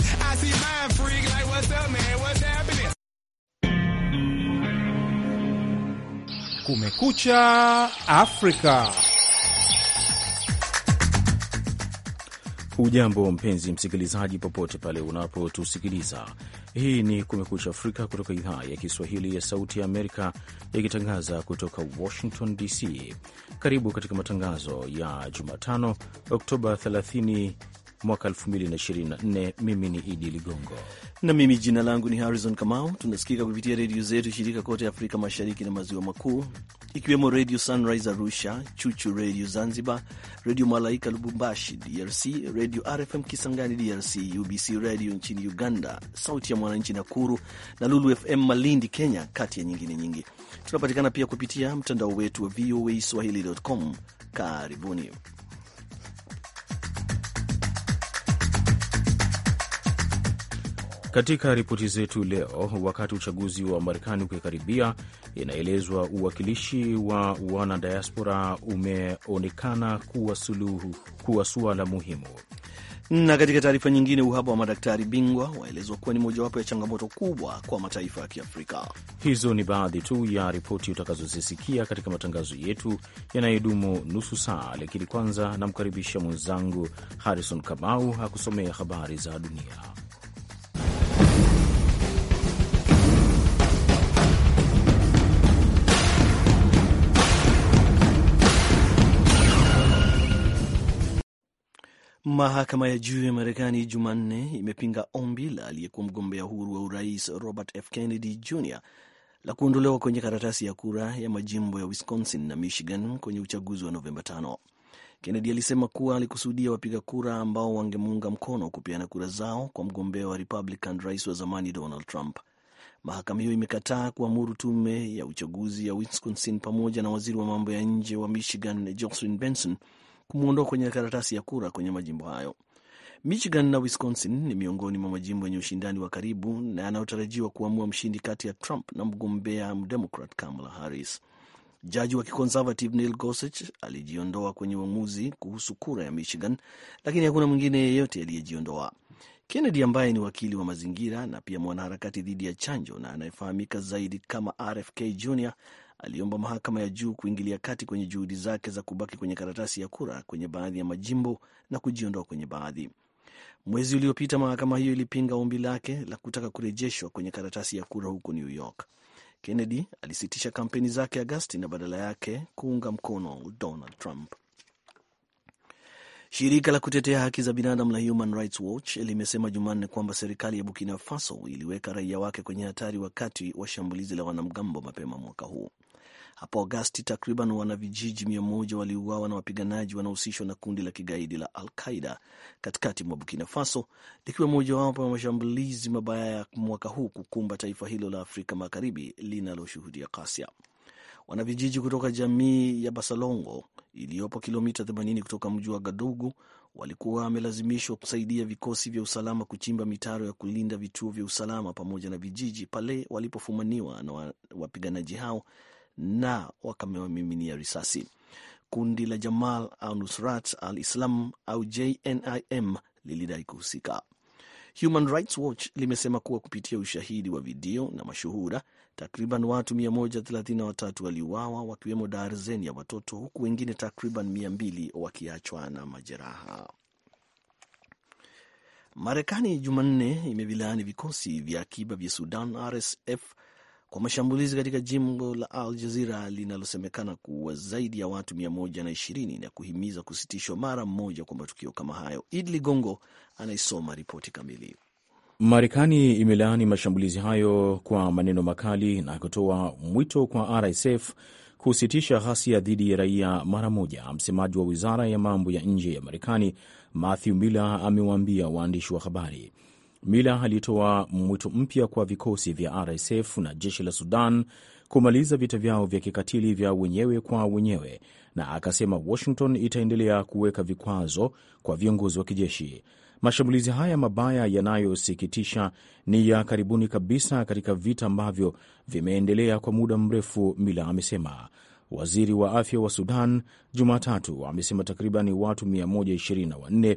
happening? I see mind freak like, what's up, man? What's happening? Kumekucha Afrika. Ujambo mpenzi msikilizaji, popote pale unapotusikiliza. Hii ni Kumekucha Afrika kutoka idhaa ya Kiswahili ya Sauti ya Amerika, ikitangaza kutoka Washington DC. Karibu katika matangazo ya Jumatano, Oktoba mwaka 2024. Mimi ni Idi Ligongo na mimi jina langu ni Harrison Kamau. Tunasikika kupitia redio zetu shirika kote Afrika Mashariki na Maziwa Makuu, ikiwemo Redio Sunrise Arusha, Chuchu Redio Zanzibar, Redio Malaika Lubumbashi DRC, Redio RFM Kisangani DRC, UBC Redio nchini Uganda, Sauti ya Mwananchi Nakuru na Lulu FM Malindi Kenya, kati ya nyingine nyingi. Tunapatikana pia kupitia mtandao wetu wa VOA Swahili.com. Karibuni. Katika ripoti zetu leo, wakati uchaguzi wa Marekani ukikaribia, inaelezwa uwakilishi wa wanadiaspora umeonekana kuwa suluhu, kuwa suala muhimu. Na katika taarifa nyingine, uhaba wa madaktari bingwa waelezwa kuwa ni mojawapo ya changamoto kubwa kwa mataifa ya Kiafrika. Hizo ni baadhi tu ya ripoti utakazozisikia katika matangazo yetu yanayodumu nusu saa, lakini kwanza namkaribisha mwenzangu Harrison Kamau akusomea habari za dunia. Mahakama ya juu ya Marekani Jumanne imepinga ombi la aliyekuwa mgombea huru wa urais Robert F Kennedy Jr la kuondolewa kwenye karatasi ya kura ya majimbo ya Wisconsin na Michigan kwenye uchaguzi wa Novemba 5. Kennedy alisema kuwa alikusudia wapiga kura ambao wangemuunga mkono kupeana kura zao kwa mgombea wa Republican, rais wa zamani Donald Trump. Mahakama hiyo imekataa kuamuru tume ya uchaguzi ya Wisconsin pamoja na waziri wa mambo ya nje wa Michigan Jocelyn Benson kumwondoa kwenye karatasi ya kura kwenye majimbo hayo. Michigan na Wisconsin ni miongoni mwa majimbo yenye ushindani wa karibu na yanayotarajiwa kuamua mshindi kati ya Trump na mgombea mdemokrat Kamala Harris. Jaji wa kiconservative Neil Gorsuch alijiondoa kwenye uamuzi kuhusu kura ya Michigan, lakini hakuna mwingine yeyote aliyejiondoa. Kennedy ambaye ni wakili wa mazingira na pia mwanaharakati dhidi ya chanjo na anayefahamika zaidi kama RFK Jr aliomba mahakama ya juu kuingilia kati kwenye juhudi zake za kubaki kwenye karatasi ya kura kwenye baadhi ya majimbo na kujiondoa kwenye baadhi. Mwezi uliopita mahakama hiyo ilipinga ombi lake la kutaka kurejeshwa kwenye karatasi ya kura huko New York. Kennedy alisitisha kampeni zake Agasti na badala yake kuunga mkono Donald Trump. Shirika la kutetea haki za binadamu la Human Rights Watch limesema Jumanne kwamba serikali ya Burkina Faso iliweka raia wake kwenye hatari wakati wa shambulizi la wanamgambo mapema mwaka huu. Hapo Agasti, takriban wanavijiji mia moja waliuawa na wapiganaji wanaohusishwa na kundi la kigaidi la Al Qaida katikati mwa Burkina Faso, likiwa mojawapo ya mashambulizi mabaya ya mwaka huu kukumba taifa hilo la Afrika Magharibi linaloshuhudia ghasia. Wanavijiji kutoka jamii ya Basalongo iliyopo kilomita 80 kutoka mji wa Gadugu walikuwa wamelazimishwa kusaidia vikosi vya usalama kuchimba mitaro ya kulinda vituo vya usalama pamoja na vijiji pale walipofumaniwa na wapiganaji hao na wakamewamiminia risasi. Kundi la Jamal au Nusrat al Islam au JNIM lilidai kuhusika. Human Rights Watch limesema kuwa kupitia ushahidi wa video na mashuhuda, takriban watu 133 waliuawa wakiwemo darzeni ya watoto, huku wengine takriban 200 wakiachwa na majeraha. Marekani Jumanne imevilaani vikosi vya akiba vya Sudan RSF kwa mashambulizi katika jimbo la Al Jazira linalosemekana kuua zaidi ya watu 120 na kuhimiza kusitishwa mara mmoja kwa matukio kama hayo. Id Ligongo anaisoma ripoti kamili. Marekani imelaani mashambulizi hayo kwa maneno makali na kutoa mwito kwa RSF kusitisha ghasia dhidi ya raia mara moja. Msemaji wa wizara ya mambo ya nje ya Marekani Matthew Miller amewaambia waandishi wa habari Mila alitoa mwito mpya kwa vikosi vya RSF na jeshi la Sudan kumaliza vita vyao vya kikatili vya wenyewe kwa wenyewe, na akasema Washington itaendelea kuweka vikwazo kwa viongozi wa kijeshi. Mashambulizi haya mabaya yanayosikitisha ni ya karibuni kabisa katika vita ambavyo vimeendelea kwa muda mrefu, Mila amesema. Waziri wa afya wa Sudan Jumatatu amesema takriban watu 124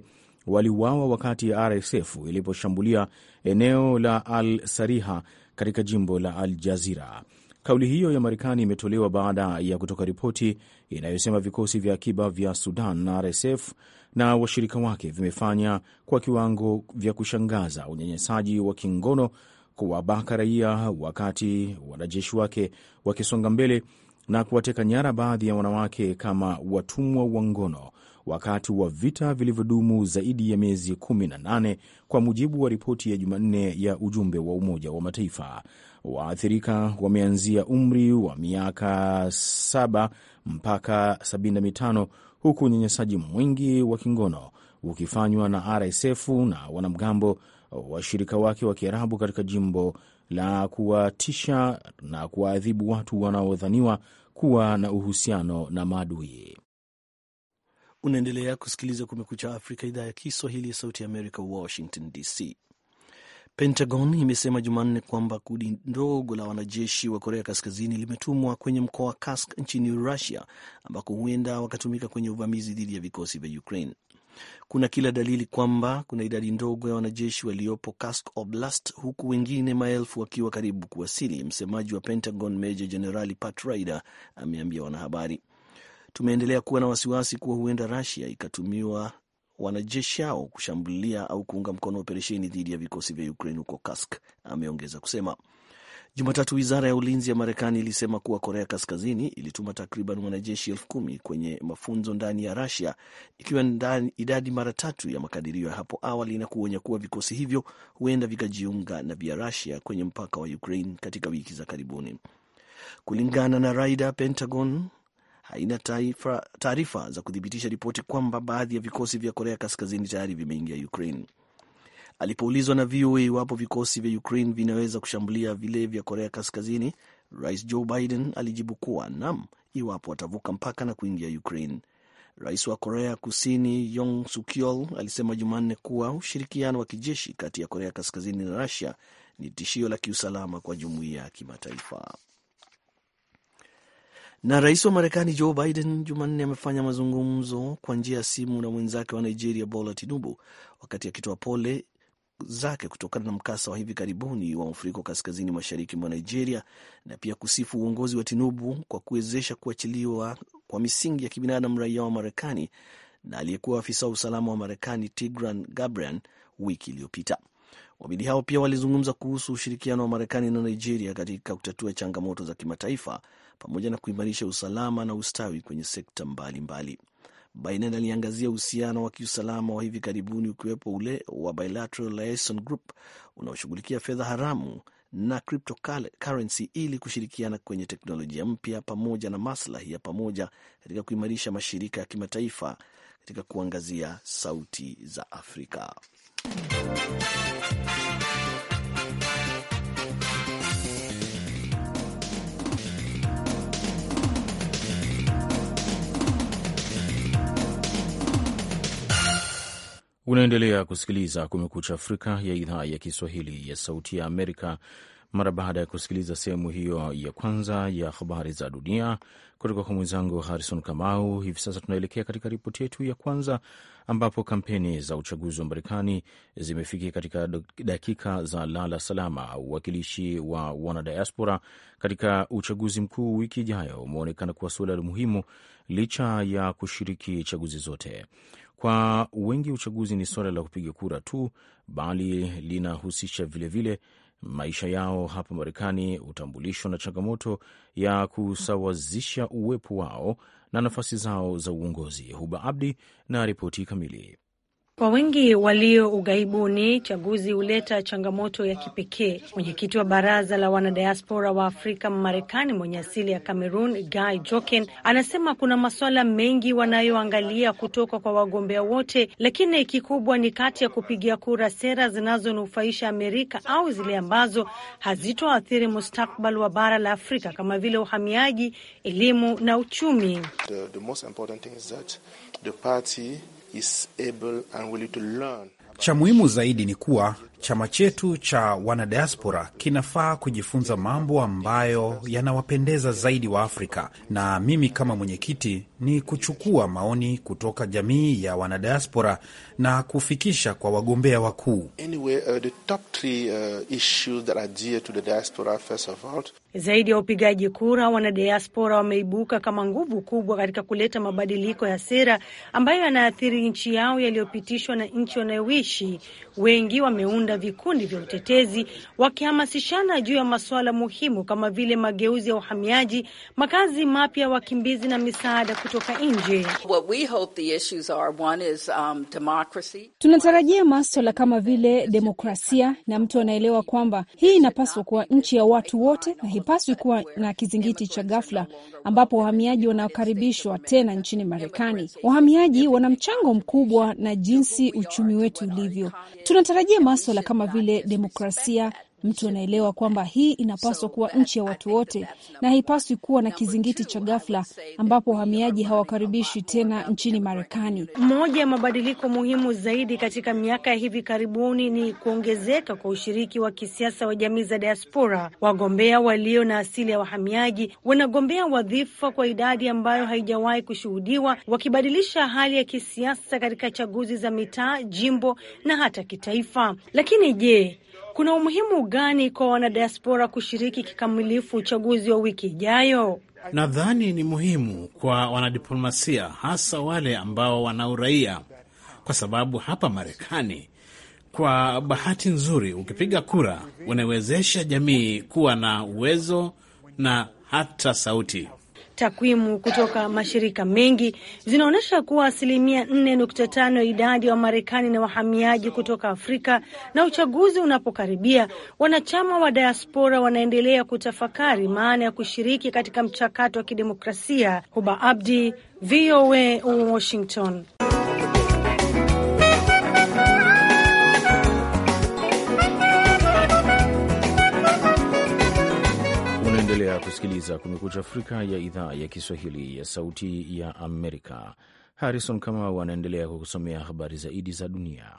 waliuawa wakati RSF iliposhambulia eneo la Al Sariha katika jimbo la Al Jazira. Kauli hiyo ya Marekani imetolewa baada ya kutoka ripoti inayosema vikosi vya akiba vya Sudan na RSF na washirika wake vimefanya kwa kiwango vya kushangaza unyanyasaji wa kingono kuwabaka raia, wakati wanajeshi wake wakisonga mbele na kuwateka nyara baadhi ya wanawake kama watumwa wa ngono wakati wa vita vilivyodumu zaidi ya miezi 18 kwa mujibu wa ripoti ya Jumanne ya ujumbe wa Umoja wa Mataifa. Waathirika wameanzia umri wa miaka 7 mpaka 75 huku unyanyasaji mwingi wa kingono ukifanywa na RSF na wanamgambo washirika wake wa Kiarabu katika jimbo la kuwatisha na kuwaadhibu watu wanaodhaniwa kuwa na uhusiano na maadui. Unaendelea kusikiliza Kumekucha Afrika, idhaa ya Kiswahili ya Sauti ya Amerika, Washington DC. Pentagon imesema Jumanne kwamba kundi ndogo la wanajeshi wa Korea Kaskazini limetumwa kwenye mkoa wa Kursk nchini Russia, ambako huenda wakatumika kwenye uvamizi dhidi ya vikosi vya Ukraine. Kuna kila dalili kwamba kuna idadi ndogo ya wanajeshi waliopo Kursk Oblast, huku wengine maelfu wakiwa karibu kuwasili, msemaji wa Pentagon Meja Jenerali Pat Ryder ameambia wanahabari tumeendelea kuwa na wasiwasi kuwa huenda rasia ikatumiwa wanajeshi hao kushambulia au kuunga mkono operesheni dhidi ya vikosi vya Ukraine huko Kursk, ameongeza kusema. Jumatatu, wizara ya ulinzi ya Marekani ilisema kuwa Korea Kaskazini ilituma takriban wanajeshi elfu kumi kwenye mafunzo ndani ya Russia, ikiwa idadi mara tatu ya makadirio ya hapo awali, na kuonya kuwa vikosi hivyo huenda vikajiunga na vya Russia kwenye mpaka wa Ukraine katika wiki za karibuni. Kulingana na Raida, Pentagon haina taarifa za kuthibitisha ripoti kwamba baadhi ya vikosi vya Korea Kaskazini tayari vimeingia Ukraine. Alipoulizwa na VOA iwapo vikosi vya Ukraine vinaweza kushambulia vile vya Korea Kaskazini, Rais Joe Biden alijibu kuwa nam, iwapo watavuka mpaka na kuingia Ukraine. Rais wa Korea Kusini Yong Sukyol alisema Jumanne kuwa ushirikiano wa kijeshi kati ya Korea Kaskazini na Rusia ni tishio la kiusalama kwa jumuiya ya kimataifa. Na rais wa Marekani Joe Biden Jumanne amefanya mazungumzo kwa njia ya simu na mwenzake wa Nigeria Bola Tinubu wakati akitoa pole zake kutokana na mkasa wa hivi karibuni wa mafuriko kaskazini mashariki mwa Nigeria na pia kusifu uongozi wa Tinubu kwa kuwezesha kuachiliwa kwa misingi ya kibinadamu raia wa Marekani na aliyekuwa afisa wa usalama wa Marekani Tigran Gabrian wiki iliyopita. Wawili hao pia walizungumza kuhusu ushirikiano wa Marekani na Nigeria katika kutatua changamoto za kimataifa pamoja na kuimarisha usalama na ustawi kwenye sekta mbalimbali. Biden aliangazia uhusiano wa kiusalama wa hivi karibuni ukiwepo ule wa Bilateral Liaison Group unaoshughulikia fedha haramu na cryptocurrency ili kushirikiana kwenye teknolojia mpya pamoja na maslahi ya pamoja katika kuimarisha mashirika ya kimataifa katika kuangazia sauti za Afrika. Unaendelea kusikiliza Kumekucha Afrika ya idhaa ya Kiswahili ya Sauti ya Amerika mara baada ya kusikiliza sehemu hiyo ya kwanza ya habari za dunia kutoka kwa mwenzangu Harrison Kamau. Hivi sasa tunaelekea katika ripoti yetu ya kwanza, ambapo kampeni za uchaguzi wa Marekani zimefikia katika dakika za lala salama. Uwakilishi wa wanadiaspora katika uchaguzi mkuu wiki ijayo umeonekana kuwa suala muhimu licha ya kushiriki chaguzi zote. Kwa wengi uchaguzi ni suala la kupiga kura tu, bali linahusisha vilevile maisha yao hapa Marekani, utambulisho na changamoto ya kusawazisha uwepo wao na nafasi zao za uongozi. Huba Abdi na ripoti kamili. Kwa wengi walio ughaibuni, chaguzi huleta changamoto ya kipekee. Mwenyekiti wa baraza la wanadiaspora wa Afrika Marekani mwenye asili ya Cameroon, Guy Joken, anasema kuna masuala mengi wanayoangalia kutoka kwa wagombea wote, lakini kikubwa ni kati ya kupigia kura sera zinazonufaisha Amerika au zile ambazo hazitoathiri mustakbal wa bara la Afrika kama vile uhamiaji, elimu na uchumi. The, the most cha muhimu zaidi ni kuwa Chama chetu cha wanadiaspora kinafaa kujifunza mambo ambayo yanawapendeza zaidi wa Afrika, na mimi kama mwenyekiti ni kuchukua maoni kutoka jamii ya wanadiaspora na kufikisha kwa wagombea wakuu. Anyway, uh, uh, Zaidi ya upigaji kura, wanadiaspora wameibuka kama nguvu kubwa katika kuleta mabadiliko ya sera ambayo yanaathiri nchi yao yaliyopitishwa na nchi wanayoishi. Wengi wameunda kuunda vikundi vya utetezi wakihamasishana juu ya masuala muhimu kama vile mageuzi ya uhamiaji, makazi mapya, wakimbizi na misaada kutoka nje. Um, tunatarajia maswala kama vile demokrasia, na mtu anaelewa kwamba hii inapaswa kuwa nchi ya watu wote na hipaswi kuwa na kizingiti cha ghafla ambapo wahamiaji wanakaribishwa tena nchini Marekani. Wahamiaji wana mchango mkubwa na jinsi uchumi wetu ulivyo. Tunatarajia maswala kama vile demokrasia, Mtu anaelewa kwamba hii inapaswa kuwa nchi ya watu wote na haipaswi kuwa na kizingiti cha ghafla ambapo wahamiaji hawakaribishwi tena nchini Marekani. Moja ya mabadiliko muhimu zaidi katika miaka ya hivi karibuni ni kuongezeka kwa ushiriki wa kisiasa wa jamii za diaspora. Wagombea walio na asili ya wahamiaji wanagombea wadhifa kwa idadi ambayo haijawahi kushuhudiwa, wakibadilisha hali ya kisiasa katika chaguzi za mitaa, jimbo na hata kitaifa. Lakini je, kuna umuhimu gani kwa wanadiaspora kushiriki kikamilifu uchaguzi wa wiki ijayo? Nadhani ni muhimu kwa wanadiplomasia, hasa wale ambao wana uraia, kwa sababu hapa Marekani, kwa bahati nzuri, ukipiga kura unawezesha jamii kuwa na uwezo na hata sauti. Takwimu kutoka mashirika mengi zinaonyesha kuwa asilimia 4.5 ya idadi ya Wamarekani na wahamiaji kutoka Afrika. Na uchaguzi unapokaribia, wanachama wa diaspora wanaendelea kutafakari maana ya kushiriki katika mchakato wa kidemokrasia. Huba Abdi, VOA Washington. Unaendelea kusikiliza Kumekucha Afrika ya idhaa ya Kiswahili ya Sauti ya Amerika. Harrison Kamau anaendelea kukusomea habari zaidi za dunia.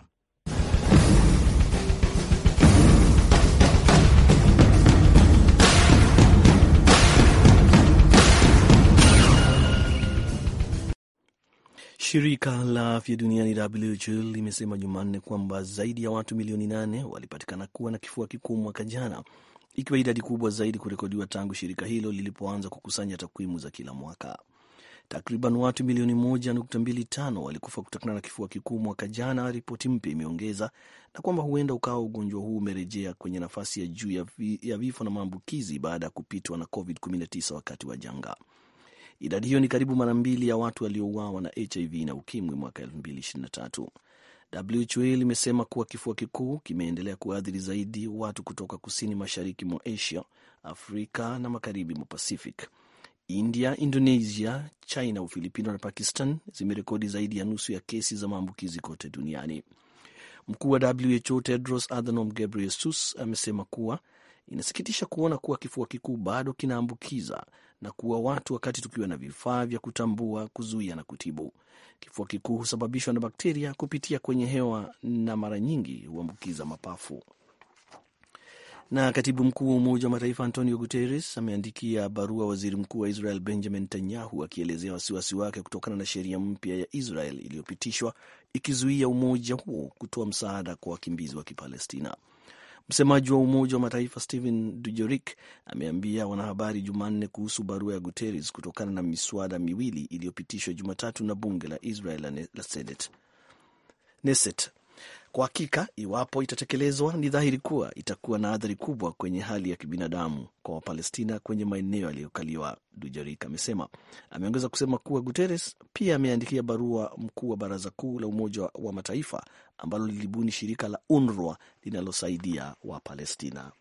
Shirika la afya duniani WHO limesema Jumanne kwamba zaidi ya watu milioni nane walipatikana kuwa na kifua kikuu mwaka jana ikiwa idadi kubwa zaidi kurekodiwa tangu shirika hilo lilipoanza kukusanya takwimu za kila mwaka. Takriban watu milioni 1.25 walikufa kutokana na kifua kikuu mwaka jana, ripoti mpya imeongeza, na kwamba huenda ukawa ugonjwa huu umerejea kwenye nafasi ya juu ya, vi, ya vifo na maambukizi baada ya kupitwa na COVID-19 wakati wa janga. Idadi hiyo ni karibu mara mbili ya watu waliouawa na HIV na ukimwi mwaka 2023. WHO limesema kuwa kifua kikuu kimeendelea kuathiri zaidi watu kutoka kusini mashariki mwa Asia, Afrika na magharibi mwa Pacific. India, Indonesia, China, Ufilipino na Pakistan zimerekodi zaidi ya nusu ya kesi za maambukizi kote duniani. Mkuu wa WHO Tedros Adhanom Ghebreyesus amesema kuwa inasikitisha kuona kuwa kifua kikuu bado kinaambukiza na kuua watu wakati tukiwa na vifaa vya kutambua, kuzuia na kutibu. Kifua kikuu husababishwa na bakteria kupitia kwenye hewa na mara nyingi huambukiza mapafu. Na katibu mkuu wa Umoja wa Mataifa Antonio Guterres ameandikia barua waziri mkuu wa Israel Benjamin Netanyahu akielezea wasiwasi wake kutokana na sheria mpya ya Israel iliyopitishwa ikizuia umoja huo kutoa msaada kwa wakimbizi wa Kipalestina. Msemaji wa Umoja wa Mataifa Stephen Dujerik ameambia wanahabari Jumanne kuhusu barua ya Guterres kutokana na miswada miwili iliyopitishwa Jumatatu na bunge la Israel la Neset. Kwa hakika, iwapo itatekelezwa, ni dhahiri kuwa itakuwa na athari kubwa kwenye hali ya kibinadamu kwa Wapalestina kwenye maeneo yaliyokaliwa, Dujarik amesema. Ameongeza kusema kuwa Guterres pia ameandikia barua mkuu wa Baraza Kuu la Umoja wa Mataifa ambalo lilibuni shirika la UNRWA linalosaidia Wapalestina.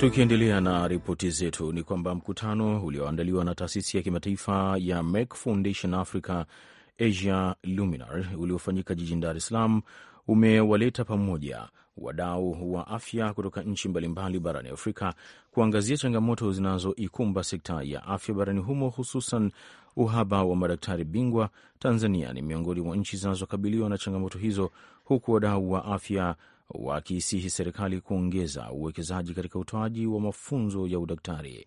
Tukiendelea na ripoti zetu ni kwamba mkutano ulioandaliwa na taasisi ya kimataifa ya Mac Foundation Africa Asia Luminar uliofanyika jijini Dar es Salaam umewaleta pamoja wadau wa afya kutoka nchi mbalimbali barani Afrika kuangazia changamoto zinazoikumba sekta ya afya barani humo, hususan uhaba wa madaktari bingwa. Tanzania ni miongoni mwa nchi zinazokabiliwa na changamoto hizo, huku wadau wa afya wakiisihi serikali kuongeza uwekezaji katika utoaji wa mafunzo ya udaktari.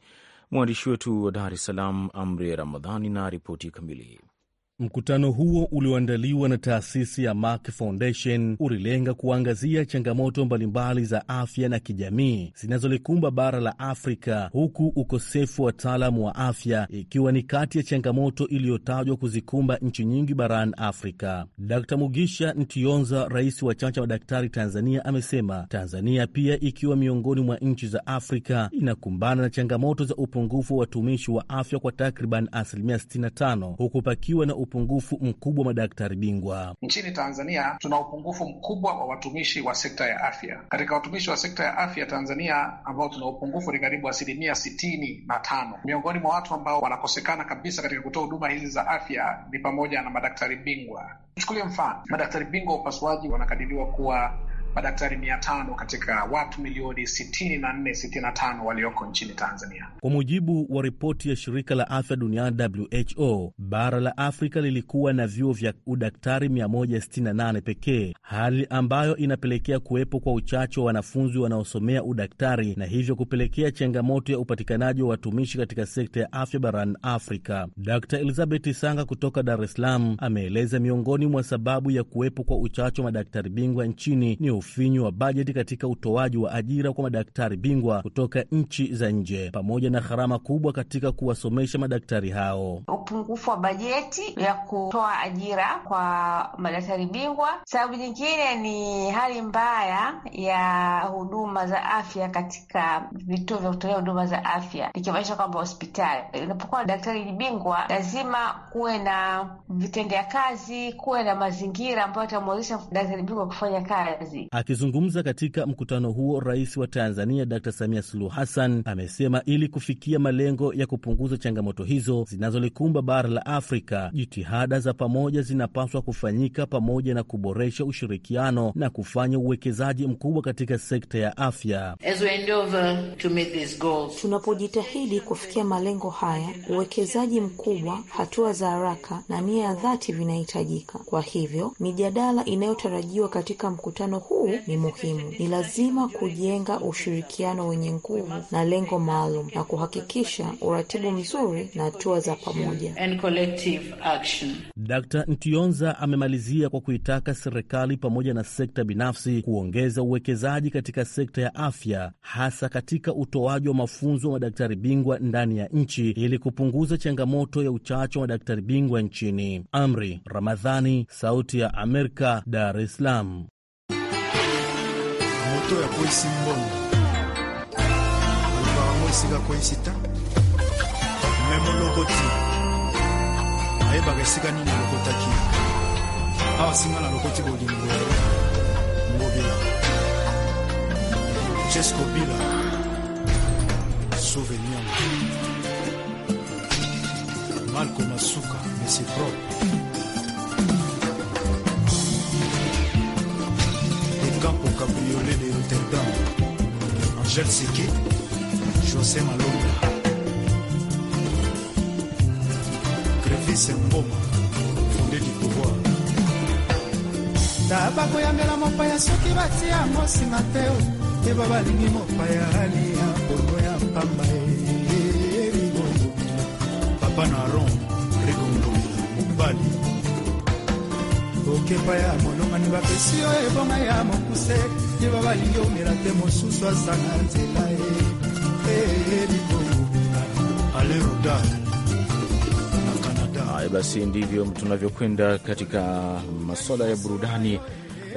Mwandishi wetu wa Dar es Salaam, Amri Ramadhani, na ripoti kamili. Mkutano huo ulioandaliwa na taasisi ya Mark Foundation ulilenga kuangazia changamoto mbalimbali za afya na kijamii zinazolikumba bara la Afrika, huku ukosefu wa wataalamu wa afya ikiwa ni kati ya changamoto iliyotajwa kuzikumba nchi nyingi barani Afrika. d Mugisha Ntionza, rais wa Chama cha Madaktari Tanzania, amesema Tanzania pia ikiwa miongoni mwa nchi za Afrika inakumbana na changamoto za upungufu wa watumishi wa afya kwa takriban asilimia 65 huku pakiwa na upungufu mkubwa wa madaktari bingwa nchini Tanzania. Tuna upungufu mkubwa wa watumishi wa sekta ya afya. Katika watumishi wa sekta ya afya Tanzania ambao tuna upungufu ni karibu asilimia sitini na tano. Miongoni mwa watu ambao wanakosekana kabisa katika kutoa huduma hizi za afya ni pamoja na madaktari bingwa. Tuchukulie mfano, madaktari bingwa wa upasuaji wanakadiriwa kuwa madaktari mia tano katika watu milioni sitini na nne sitini na tano walioko nchini Tanzania. Kwa mujibu wa ripoti ya shirika la afya duniani WHO, bara la Afrika lilikuwa na vyuo vya udaktari 168 pekee, hali ambayo inapelekea kuwepo kwa uchache wa wanafunzi wanaosomea udaktari na hivyo kupelekea changamoto ya upatikanaji wa watumishi katika sekta ya afya barani Afrika. Dr Elizabeth Sanga kutoka Dar es Salaam ameeleza miongoni mwa sababu ya kuwepo kwa uchache wa madaktari bingwa nchini ni ufinyu wa bajeti katika utoaji wa ajira kwa madaktari bingwa kutoka nchi za nje pamoja na gharama kubwa katika kuwasomesha madaktari hao. Upungufu wa bajeti ya kutoa ajira kwa madaktari bingwa. Sababu nyingine ni hali mbaya ya huduma za afya katika vituo vya kutolea huduma za afya, ikimaanisha kwamba hospitali inapokuwa daktari bingwa lazima kuwe na vitendea kazi, kuwe na mazingira ambayo yatamwezesha daktari bingwa kufanya kazi. Akizungumza katika mkutano huo, rais wa Tanzania Dr Samia Suluhu Hassan amesema ili kufikia malengo ya kupunguza changamoto hizo zinazolikumba bara la Afrika, jitihada za pamoja zinapaswa kufanyika pamoja na kuboresha ushirikiano na kufanya uwekezaji mkubwa katika sekta ya afya. Tunapojitahidi kufikia malengo haya, uwekezaji mkubwa, hatua za haraka na nia ya dhati vinahitajika. Kwa hivyo mijadala inayotarajiwa katika mkutano huu huu ni muhimu. Ni lazima kujenga ushirikiano wenye nguvu na lengo maalum na kuhakikisha uratibu mzuri na hatua za pamoja. Dr. Ntionza amemalizia kwa kuitaka serikali pamoja na sekta binafsi kuongeza uwekezaji katika sekta ya afya, hasa katika utoaji wa mafunzo wa madaktari bingwa ndani ya nchi ili kupunguza changamoto ya uchache wa madaktari bingwa nchini. Amri Ramadhani, Sauti ya Amerika, Dar es Salaam. moto ya kwesi mbongo balobaka ngo esika kwesi ta me molokoti ayebaka esika nini alokotaki awa singa na lokoti bolingo ngobila cheskobila souvenir malko masuka mesipro Gang pour cabriolet de Rotterdam. Angèle Seki, José Malonga. Crévis Mboma, fondé du pouvoir. taba koyambela mopaya soki batia mosinga te yeba balingi mopaya alia pongo ya pamba eligongo e, e, papa na ron rigondo mobali okepa ya molongani bapesi yo ebonga ya moko bose ye te mosusu nzela Haya basi, ndivyo tunavyokwenda katika masuala ya burudani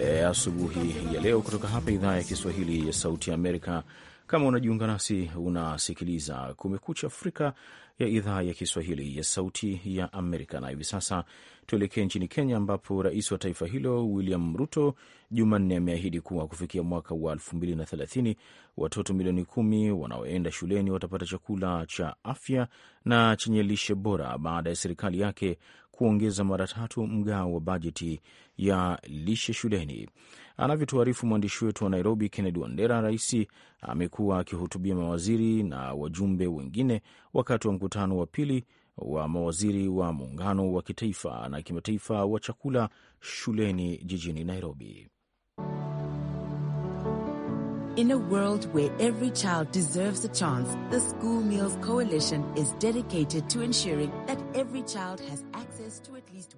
e, asubuhi ya leo kutoka hapa idhaa ya Kiswahili ya Sauti ya Amerika. Kama unajiunga nasi, unasikiliza Kumekucha Afrika ya idhaa ya Kiswahili ya Sauti ya Amerika. Na hivi sasa tuelekee nchini Kenya, ambapo rais wa taifa hilo William Ruto Jumanne ameahidi kuwa kufikia mwaka wa 2030 watoto milioni kumi wanaoenda shuleni watapata chakula cha afya na chenye lishe bora baada ya serikali yake kuongeza mara tatu mgao wa bajeti ya lishe shuleni. Anavyotuarifu mwandishi wetu wa Nairobi, Kennedy Wandera, rais amekuwa akihutubia mawaziri na wajumbe wengine wakati wa mkutano wa pili wa mawaziri wa muungano wa kitaifa na kimataifa wa chakula shuleni jijini Nairobi. In a world where every child deserves a chance, the School Meals Coalition is dedicated to ensuring that every child has access to at least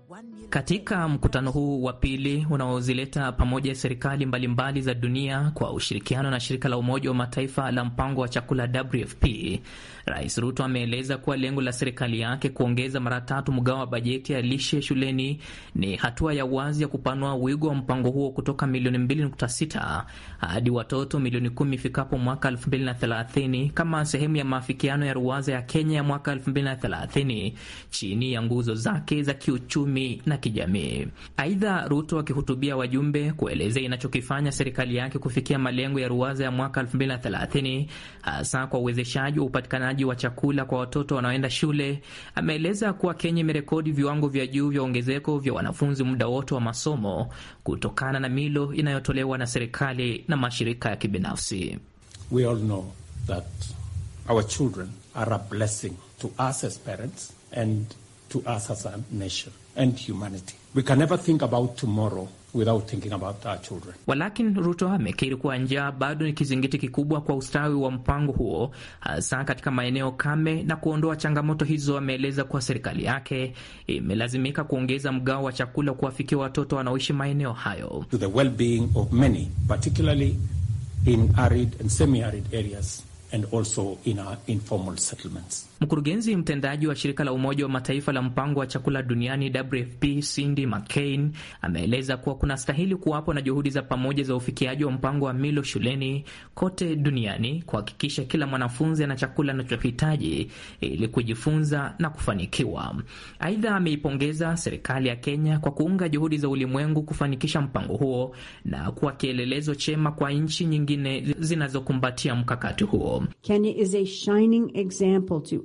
Katika mkutano huu wa pili unaozileta pamoja serikali mbalimbali za dunia kwa ushirikiano na shirika la Umoja wa Mataifa la mpango wa chakula WFP, Rais Ruto ameeleza kuwa lengo la serikali yake kuongeza mara tatu mgao wa bajeti ya lishe shuleni ni hatua ya wazi ya kupanua wigo wa mpango huo kutoka milioni 2.6 hadi watoto milioni 10 ifikapo mwaka 2030 kama sehemu ya maafikiano ya ruwaza ya Kenya ya mwaka 2030 chini ya nguzo zake za kiuchumi kiuchumi na kijamii. Aidha, Ruto akihutubia wajumbe kueleza inachokifanya serikali yake kufikia malengo ya ruwaza ya mwaka 2030 hasa kwa uwezeshaji wa upatikanaji wa chakula kwa watoto wanaoenda shule, ameeleza kuwa Kenya imerekodi viwango vya juu vya ongezeko vya wanafunzi muda wote wa masomo kutokana na milo inayotolewa na serikali na mashirika ya kibinafsi. We all know that our children are a blessing to us as parents and to us as a nation and humanity. We can never think about tomorrow without thinking about our children. Walakin Ruto amekiri kuwa njaa bado ni kizingiti kikubwa kwa ustawi wa mpango huo hasa katika maeneo kame, na kuondoa changamoto hizo, ameeleza kuwa serikali yake imelazimika kuongeza mgao wa chakula kuwafikia watoto wanaoishi maeneo hayo. To the well-being of many, particularly in arid and semi-arid areas and also in our informal settlements. Mkurugenzi mtendaji wa shirika la Umoja wa Mataifa la mpango wa chakula duniani WFP Cindy McCain ameeleza kuwa kunastahili kuwapo na juhudi za pamoja za ufikiaji wa mpango wa milo shuleni kote duniani kuhakikisha kila mwanafunzi ana chakula anachohitaji ili kujifunza na kufanikiwa. Aidha, ameipongeza serikali ya Kenya kwa kuunga juhudi za ulimwengu kufanikisha mpango huo na kuwa kielelezo chema kwa nchi nyingine zinazokumbatia mkakati huo. Kenya is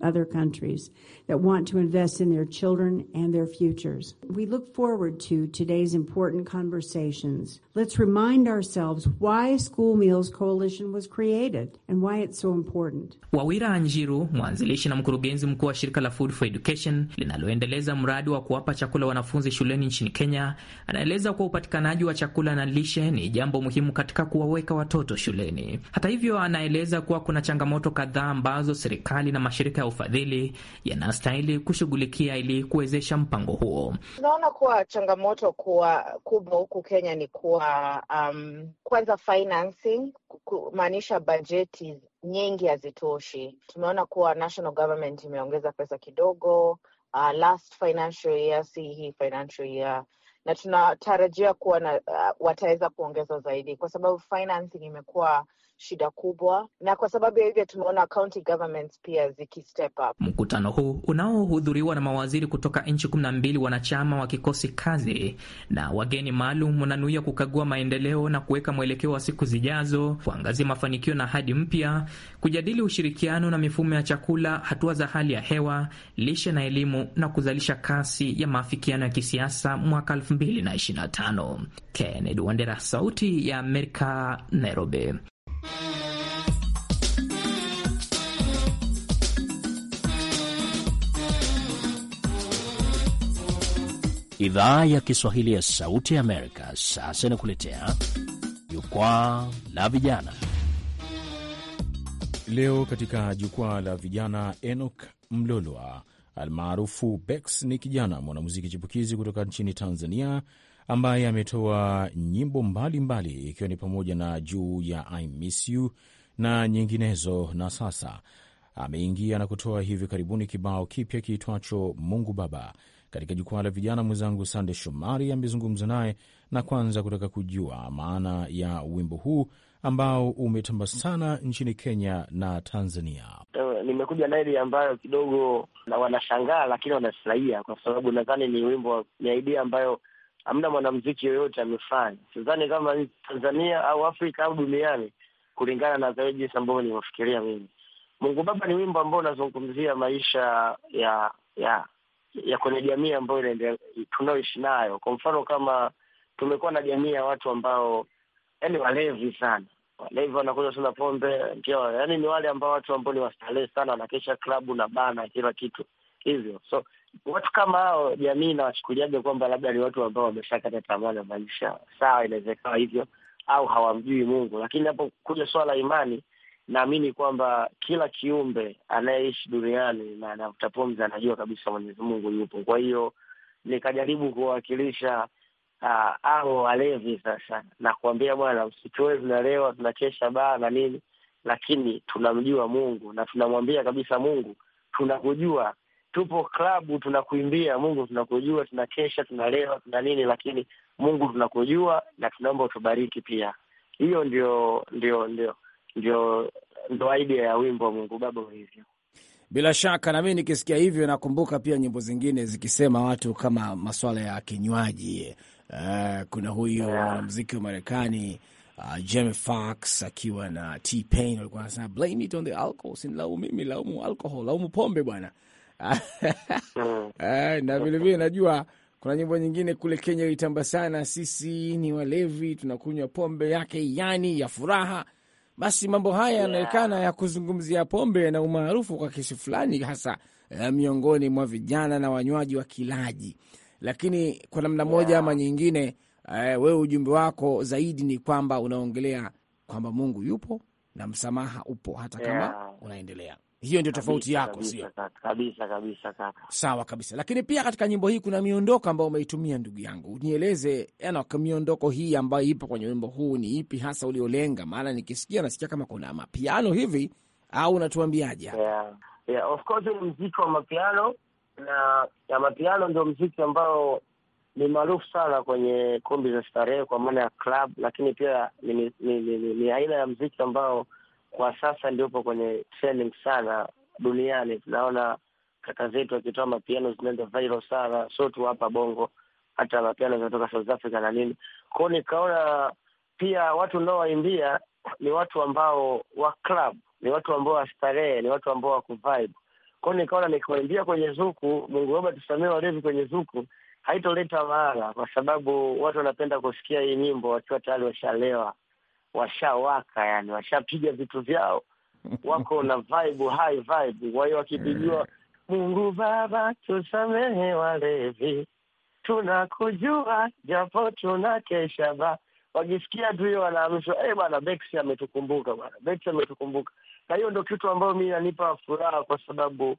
a other countries. that want to invest in their children and their futures. We look forward to today's important conversations. Let's remind ourselves why School Meals Coalition was created and why it's so important. Wawira Anjiru, mwanzilishi na mkurugenzi mkuu wa shirika la Food for Education linaloendeleza mradi wa kuwapa chakula wanafunzi shuleni nchini Kenya, anaeleza kuwa upatikanaji wa chakula na lishe ni jambo muhimu katika kuwaweka watoto shuleni. Hata hivyo, anaeleza kuwa kuna changamoto kadhaa ambazo serikali na mashirika ya ufadhili yana wanastahili kushughulikia ili kuwezesha mpango huo. Tunaona kuwa changamoto kuwa kubwa huku Kenya ni kuwa um, kwanza financing kumaanisha bajeti nyingi hazitoshi. Tumeona kuwa national government imeongeza pesa kidogo uh, last financial year, si hii financial year na tunatarajia kuwa na uh, wataweza kuongeza zaidi kwa sababu financing imekuwa shida kubwa, na kwa sababu ya hivyo tumeona county governments pia ziki step up. Mkutano huu unaohudhuriwa na mawaziri kutoka nchi kumi na mbili wanachama wa kikosi kazi na wageni maalum unanuia kukagua maendeleo na kuweka mwelekeo wa siku zijazo, kuangazia mafanikio na ahadi mpya, kujadili ushirikiano na mifumo ya chakula, hatua za hali ya hewa, lishe na elimu, na kuzalisha kasi ya maafikiano ya kisiasa mwaka 2025. Kennedy Wandera, Sauti ya Amerika, Nairobi. Idhaa ya Kiswahili ya Sauti ya Amerika sasa inakuletea Jukwaa la Vijana. Leo katika Jukwaa la Vijana, Enok Mlolwa almaarufu Bex ni kijana mwanamuziki chipukizi kutoka nchini Tanzania ambaye ametoa nyimbo mbalimbali ikiwa mbali, ni pamoja na juu ya I Miss You na nyinginezo, na sasa ameingia na kutoa hivi karibuni kibao kipya kiitwacho Mungu Baba katika jukwaa la vijana. Mwenzangu Sande Shomari amezungumza naye na kwanza kutaka kujua maana ya wimbo huu ambao umetamba sana nchini Kenya na Tanzania. Eh, nimekuja na idea ambayo kidogo na wanashangaa, lakini wanafurahia kwa sababu nadhani ni wimbo, ni aidia ambayo hamna mwanamziki yoyote amefanya, sidhani kama Tanzania au Afrika au duniani, kulingana na zaidi jinsi ambavyo nimefikiria mimi. Mungu Baba ni wimbo ambao unazungumzia maisha ya ya ya kwenye jamii ambayo tunayoishi nayo. Kwa mfano, kama tumekuwa na jamii ya watu ambao yani walevi sana, walevi wanakunywa sana pombe, ndio yani ni wale ambao watu ambao ni wastarehe sana, wanakesha klabu na bana kila kitu hivyo. So watu kama hao jamii inawachukuliaje kwamba labda ni watu ambao wameshakata tamaa na maisha? Sawa, inawezekana hivyo, au hawamjui Mungu, lakini hapo kuja swala imani naamini kwamba kila kiumbe anayeishi duniani na anavuta pumzi anajua kabisa Mwenyezi Mungu yupo. Kwa hiyo nikajaribu kuwawakilisha uh, ah, ao walevi sasa, na kuambia bwana, na tunalewa tunachesha baa na nini, lakini tunamjua Mungu na tunamwambia kabisa Mungu, tunakujua tupo klabu tunakuimbia Mungu, tunakujua, tunakesha, tunalewa, tuna nini, lakini Mungu tunakujua na tunaomba utubariki pia. Hiyo ndio ndio ndio ndio ndo idea ya wimbo wa Mungu Baba hivyo. Bila shaka nami nikisikia hivyo nakumbuka pia nyimbo zingine zikisema watu kama maswala ya kinywaji. Uh, kuna huyo mwanamuziki yeah, wa Marekani uh, Jamie Foxx akiwa na T-Pain walikuwa wanasema blame it on the alcohol, mimi, laumu alcohol, laumu pombe bwana. Uh, na vilevile najua kuna nyimbo nyingine kule Kenya ilitamba sana, sisi ni walevi tunakunywa pombe yake yani ya furaha basi mambo haya yanaonekana yeah, ya kuzungumzia pombe na umaarufu kwa kiasi fulani, hasa eh, miongoni mwa vijana na wanywaji wa kilaji. Lakini kwa namna moja yeah, ama nyingine, eh, wewe ujumbe wako zaidi ni kwamba unaongelea kwamba Mungu yupo na msamaha upo hata kama yeah, unaendelea hiyo ndio tofauti yako, sio? Kabisa kabisa kaka, sawa kabisa. Lakini pia katika nyimbo hii kuna miondoko ambayo umeitumia, ndugu yangu, nieleze yana miondoko hii ambayo ipo kwenye wimbo huu, ni ipi hasa uliolenga? Maana nikisikia nasikia kama kuna mapiano hivi, au unatuambiaje? yeah. Yeah, of course ni mziki wa mapiano na ya mapiano ndio mziki ambao ni maarufu sana kwenye kumbi za starehe, kwa maana ya club, lakini pia ni, ni, ni, ni, ni aina ya mziki ambao kwa sasa ndiopo kwenye trending sana duniani. Tunaona kaka zetu wakitoa mapiano zinaenda viral sana, so tu hapa Bongo, hata mapiano zinatoka South Africa na nini kwao. Nikaona pia watu unaowaimbia ni watu ambao wa club, ni watu ambao starehe, ni watu ambao wakuvibe kwao. Nikaona nikiwaimbia kwenye zuku, Mungu Baba tusamee walevi kwenye zuku, haitoleta maana, kwa sababu watu wanapenda kusikia hii nyimbo wakiwa tayari washalewa washawaka, yani washapiga vitu vyao, wako na vibe, high vibe. Kwa hiyo wakipigiwa Mungu Baba tusamehe walevi, tunakujua japo tunakesha ba wakisikia tu hiyo wanaamshwa, eh, bwana Bex ametukumbuka, bwana Bex ametukumbuka. Na hiyo ndo kitu ambayo mi inanipa furaha, kwa sababu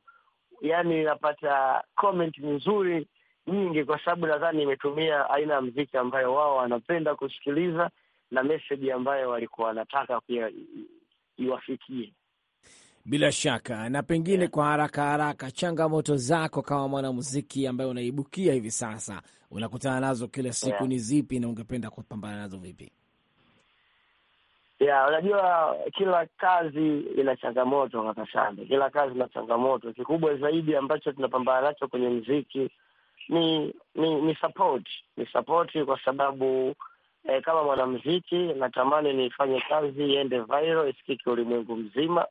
yani napata comment nzuri nyingi, kwa sababu nadhani imetumia aina ya mziki ambayo wao wanapenda kusikiliza na meseji ambayo walikuwa wanataka pia iwafikie. Bila shaka na pengine yeah. Kwa haraka haraka, changamoto zako kama mwanamuziki ambaye unaibukia hivi sasa unakutana nazo kila siku yeah. ni zipi na ungependa kupambana nazo vipi? Yeah, unajua kila kazi ina changamoto kakashande, kila kazi ina changamoto. Kikubwa zaidi ambacho tunapambana nacho kwenye mziki ni ni ni support, ni support kwa sababu E, kama mwanamziki natamani nifanye kazi iende viral, isikike ulimwengu mzima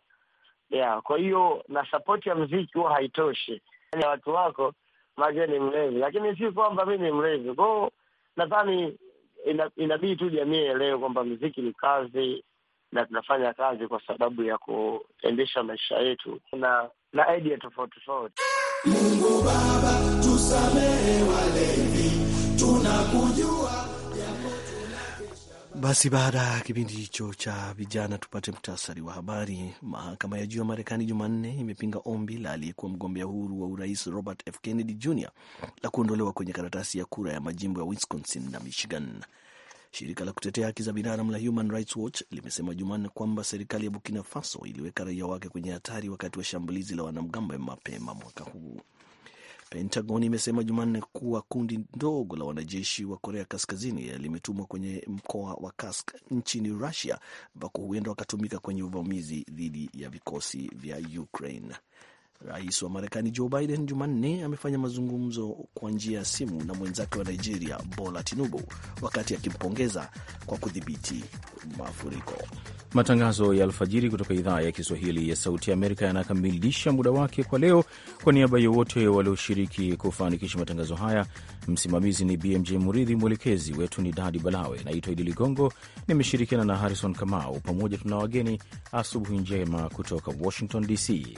yeah. Kwa hiyo na sapoti ya mziki huwa haitoshi, ya yaani watu wako maje ni mlevi, lakini si kwamba mi ni mlevi kwao. Nadhani inabidi tu jamii elewe kwamba mziki ni kazi na tunafanya kazi kwa sababu ya kuendesha maisha yetu na na aidia tofauti tofauti. Mungu Baba, tusamehe walevi, tunakujua basi baada ya kipindi hicho cha vijana, tupate mktasari wa habari. Mahakama ya juu ya Marekani Jumanne imepinga ombi la aliyekuwa mgombea huru wa urais Robert F Kennedy Jr la kuondolewa kwenye karatasi ya kura ya majimbo ya Wisconsin na Michigan. Shirika la kutetea haki za binadamu la Human Rights Watch limesema Jumanne kwamba serikali ya Burkina Faso iliweka raia wake kwenye hatari wakati wa shambulizi la wanamgambo mapema mwaka huu. Pentagon imesema Jumanne kuwa kundi ndogo la wanajeshi wa Korea Kaskazini limetumwa kwenye mkoa wa Kursk nchini Russia ambako huenda wakatumika kwenye uvamizi dhidi ya vikosi vya Ukraine. Rais wa Marekani Joe Biden Jumanne amefanya mazungumzo kwa njia ya simu na mwenzake wa Nigeria Bola Tinubu wakati akimpongeza kwa kudhibiti mafuriko. Matangazo ya alfajiri kutoka idhaa ya Kiswahili ya Sauti ya Amerika yanakamilisha muda wake kwa leo. Kwa niaba ya wote walioshiriki kufanikisha matangazo haya, msimamizi ni BMJ Muridhi, mwelekezi wetu ni Dadi Balawe. Naitwa Idi Ligongo, nimeshirikiana na Harrison Kamau. Pamoja tuna wageni, asubuhi njema kutoka Washington DC.